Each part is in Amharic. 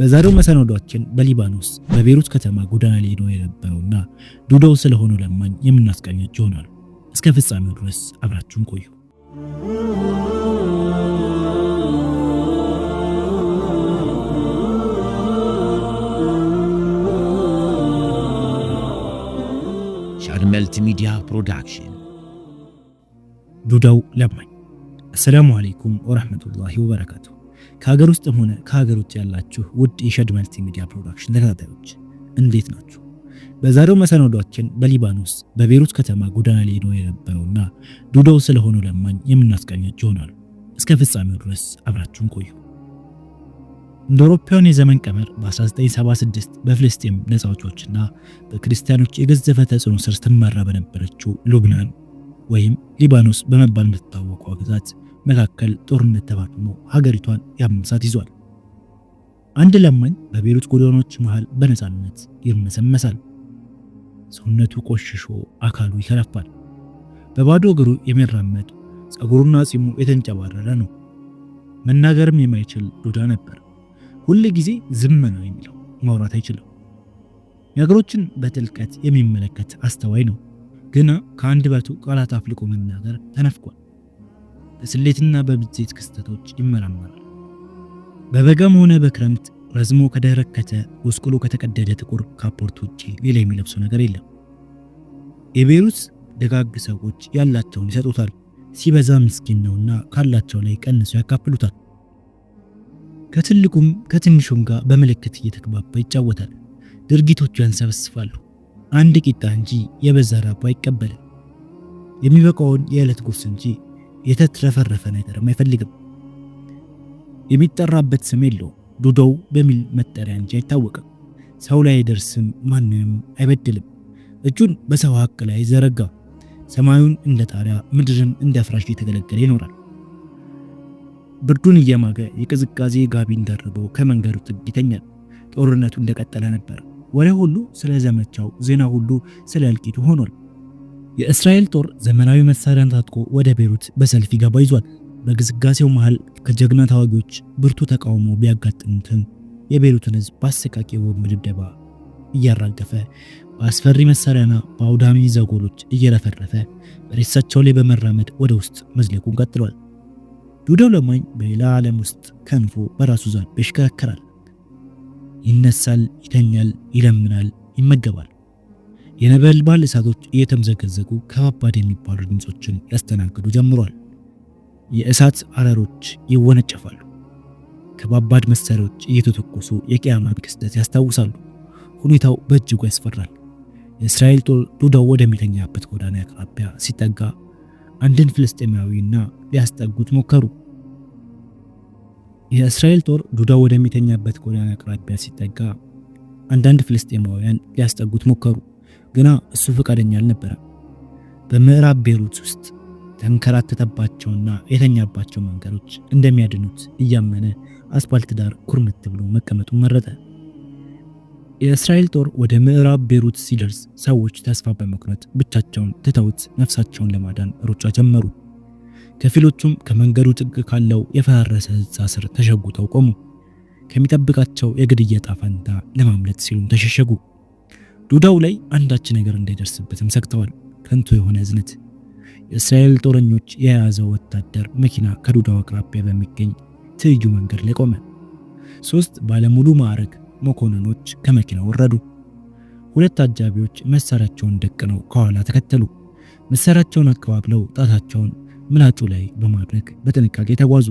በዛሬው መሰናዷችን በሊባኖስ በቤሩት ከተማ ጎዳና ላይ ነው የነበረውና ዱዳው ስለሆኑ ለማኝ የምናስቃኛችሁ ይሆናል። እስከ ፍጻሜው ድረስ አብራችሁን ቆዩ። ሻድ ሚዲያ ፕሮዳክሽን። ዱዳው ለማኝ። አሰላሙ አለይኩም ወረህመቱላሂ ወበረካቱሁ ከሀገር ውስጥም ሆነ ከሀገር ውጭ ያላችሁ ውድ የሸድ መልቲሚዲያ ሚዲያ ፕሮዳክሽን ተከታታዮች እንዴት ናችሁ? በዛሬው መሰናዷችን በሊባኖስ በቤሩት ከተማ ጎዳና ላይ ሄዶ የነበረውና ዱዳው ስለሆነው ለማኝ የምናስቃኛችሁ ይሆናሉ። እስከ ፍጻሜው ድረስ አብራችሁን ቆዩ። እንደ አውሮፓውያን የዘመን ቀመር በ1976 በፍልስጤም ነፃ አውጪዎችና በክርስቲያኖች የገዘፈ ተጽዕኖ ስር ስትመራ በነበረችው ሉብናን ወይም ሊባኖስ በመባል የምትታወቀው ግዛት መካከል ጦርነት ተባክሞ ሀገሪቷን ያመሳት ይዟል። አንድ ለማኝ በቤሩት ጎዳናዎች መሃል በነፃነት ይርመሰመሳል። ሰውነቱ ቆሽሾ አካሉ ይከረፋል። በባዶ እግሩ የሚራመድ ጸጉሩና ጺሙ የተንጨባረረ ነው። መናገርም የማይችል ዱዳ ነበር። ሁል ጊዜ ዝም ነው የሚለው፣ ማውራት አይችልም። ነገሮችን በጥልቀት የሚመለከት አስተዋይ ነው። ግና በቱ ቃላት አፍልቆ መናገር ተነፍቋል። በስሌትና በብዜት ክስተቶች ይመረመራል። በበጋም ሆነ በክረምት ረዝሞ ከደረከተ ጎስቁሎ ከተቀደደ ጥቁር ካፖርት ውጪ ሌላ የሚለብሰው ነገር የለም። የቤሩት ደጋግ ሰዎች ያላቸውን ይሰጡታል፣ ሲበዛ ምስኪን ነውና ካላቸው ላይ ቀንሰው ያካፍሉታል። ከትልቁም ከትንሹም ጋር በምልክት እየተግባባ ይጫወታል። ድርጊቶቹ ያንሰበስፋሉ። አንድ ቂጣ እንጂ የበዛ ዳቦ አይቀበልም። የሚበቃውን የዕለት ጉርስ እንጂ የተትረፈረፈ ነገርም አይፈልግም። የሚጠራበት ስም የለው ዱዶው በሚል መጠሪያ እንጂ አይታወቅም። ሰው ላይ አይደርስም፣ ማንም አይበድልም። እጁን በሰው ሀቅ ላይ ዘረጋ። ሰማዩን እንደ ጣሪያ፣ ምድርን እንደ ፍራሽ እየተገለገለ ይኖራል። ብርዱን እየማገ የቅዝቃዜ ጋቢን ደርቦ ከመንገዱ ጥግ ይተኛል። ጦርነቱ እንደቀጠለ ነበር። ወሬ ሁሉ ስለ ዘመቻው፣ ዜና ሁሉ ስለ እልቂቱ ሆኗል። የእስራኤል ጦር ዘመናዊ መሳሪያን ታጥቆ ወደ ቤሩት በሰልፍ ይገባ ይዟል። በግስጋሴው መሃል ከጀግና ታዋጊዎች ብርቱ ተቃውሞ ቢያጋጥሙትም የቤሩትን ሕዝብ በአሰቃቂ የቦምብ ድብደባ እያራገፈ በአስፈሪ መሳሪያና በአውዳሚ ዘጎሎች እየረፈረፈ በሬሳቸው ላይ በመራመድ ወደ ውስጥ መዝለቁን ቀጥሏል። ዱደው ለማኝ በሌላ ዓለም ውስጥ ከንፎ በራሱ ዛብ ይሽከረከራል። ይነሳል፣ ይተኛል፣ ይለምናል፣ ይመገባል። የነበልባል እሳቶች እየተምዘገዘጉ ከባባድ የሚባሉ ድምፆችን ያስተናግዱ ጀምሯል። የእሳት አረሮች ይወነጨፋሉ። ከባባድ መሳሪያዎች እየተተኮሱ የቅያማን ክስተት ያስታውሳሉ። ሁኔታው በእጅጉ ያስፈራል። የእስራኤል ጦር ዱዳው ወደሚተኛበት ጎዳና አቅራቢያ ሲጠጋ አንድን ፍልስጤማዊና ሊያስጠጉት ሞከሩ። የእስራኤል ጦር ዱዳው ወደሚተኛበት ጎዳና አቅራቢያ ሲጠጋ አንዳንድ ፍልስጤማውያን ሊያስጠጉት ሞከሩ። ግና እሱ ፈቃደኛ አልነበረም። በምዕራብ ቤሩት ውስጥ ተንከራተተባቸውና የተኛባቸው መንገዶች እንደሚያድኑት እያመነ አስፓልት ዳር ኩርምት ብሎ መቀመጡ መረጠ። የእስራኤል ጦር ወደ ምዕራብ ቤሩት ሲደርስ ሰዎች ተስፋ በመቁረጥ ብቻቸውን ትተውት ነፍሳቸውን ለማዳን ሩጫ ጀመሩ። ከፊሎቹም ከመንገዱ ጥግ ካለው የፈራረሰ ሕንፃ ስር ተሸጉተው ቆሙ። ከሚጠብቃቸው የግድያ ዕጣ ፈንታ ለማምለጥ ሲሉም ተሸሸጉ። ዱዳው ላይ አንዳች ነገር እንዳይደርስበትም ሰግተዋል። ከንቱ የሆነ እዝነት። የእስራኤል ጦረኞች የያዘው ወታደር መኪና ከዱዳው አቅራቢያ በሚገኝ ትይዩ መንገድ ላይ ቆመ። ሶስት ባለሙሉ ማዕረግ መኮንኖች ከመኪናው ወረዱ። ሁለት አጃቢዎች መሳሪያቸውን ደቅነው ከኋላ ተከተሉ። መሳሪያቸውን አቀባብለው ጣታቸውን ምላጩ ላይ በማድረግ በጥንቃቄ ተጓዙ።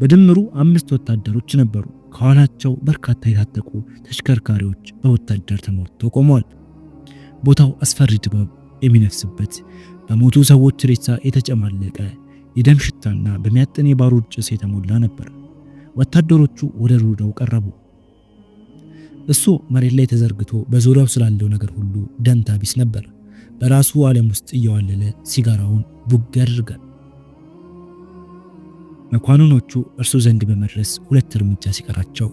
በድምሩ አምስት ወታደሮች ነበሩ። ከኋላቸው በርካታ የታጠቁ ተሽከርካሪዎች በወታደር ተሞልተው ቆመዋል። ቦታው አስፈሪ ድባብ የሚነፍስበት በሞቱ ሰዎች ሬሳ የተጨማለቀ የደም ሽታና በሚያጠን የባሩድ ጭስ የተሞላ ነበር። ወታደሮቹ ወደ ሩዳው ቀረቡ። እሱ መሬት ላይ ተዘርግቶ በዙሪያው ስላለው ነገር ሁሉ ደንታ ቢስ ነበር። በራሱ ዓለም ውስጥ እየዋለለ ሲጋራውን ቡግ ያደርጋል። መኳንኖቹ እርሱ ዘንድ በመድረስ ሁለት እርምጃ ሲቀራቸው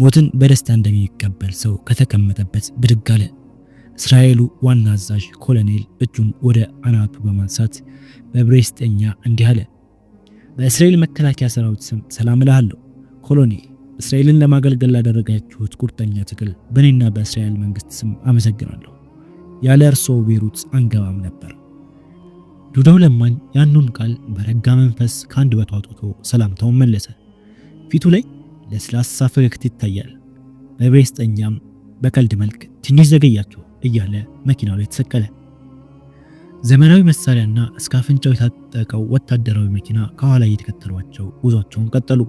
ሞትን በደስታ እንደሚቀበል ሰው ከተቀመጠበት ብድግ አለ። እስራኤሉ ዋና አዛዥ ኮሎኔል እጁን ወደ አናቱ በማንሳት በብሬስጠኛ እንዲህ አለ። በእስራኤል መከላከያ ሰራዊት ስም ሰላም እልሃለሁ ኮሎኔል። እስራኤልን ለማገልገል ላደረጋችሁት ቁርጠኛ ትግል በእኔና በእስራኤል መንግስት ስም አመሰግናለሁ። ያለ እርስዎ ቤሩት አንገባም ነበር። ዱዳው ለማኝ ያንኑን ቃል በረጋ መንፈስ ከአንድ በቱ አውጥቶ ሰላምታውን መለሰ። ፊቱ ላይ ለስላሳ ፈገግታ ይታያል። በቤስተኛም በቀልድ መልክ ትንሽ ዘገያችሁ እያለ መኪናው ላይ ተሰቀለ። ዘመናዊ መሳሪያና እስከ አፍንጫው የታጠቀው ወታደራዊ መኪና ከኋላ እየተከተሏቸው ጉዟቸውን ቀጠሉ።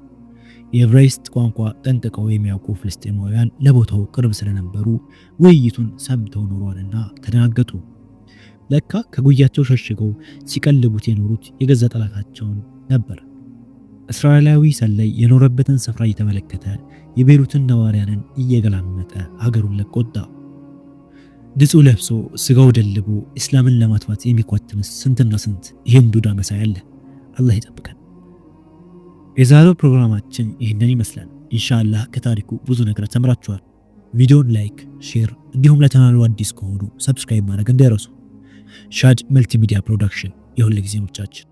የዕብራይስጥ ቋንቋ ጠንቅቀው የሚያውቁ ፍልስጤማውያን ለቦታው ቅርብ ስለነበሩ ውይይቱን ሰምተው ኖሯልና ተደናገጡ። ለካ ከጉያቸው ሸሽገው ሲቀልቡት የኖሩት የገዛ ጠላታቸውን ነበር። እስራኤላዊ ሰላይ የኖረበትን ስፍራ እየተመለከተ የቤሩትን ነዋሪያንን እየገላመጠ ሀገሩን ለቆ ወጣ። ድጹ ለብሶ ስጋው ደልቦ እስላምን ለማጥፋት የሚኳትም ስንትና ስንት ይህን ዱዳ መሳይ አለ። አላህ ይጠብቀን። የዛሬው ፕሮግራማችን ይህንን ይመስላል። ኢንሻአላህ ከታሪኩ ብዙ ነገር ተምራችኋል። ቪዲዮን ላይክ፣ ሼር እንዲሁም ለተናሉ አዲስ ከሆኑ ሰብስክራይብ ማድረግ እንዳይረሱ። ሻድ መልቲሚዲያ ፕሮዳክሽን ጊዜ ምርጫችን።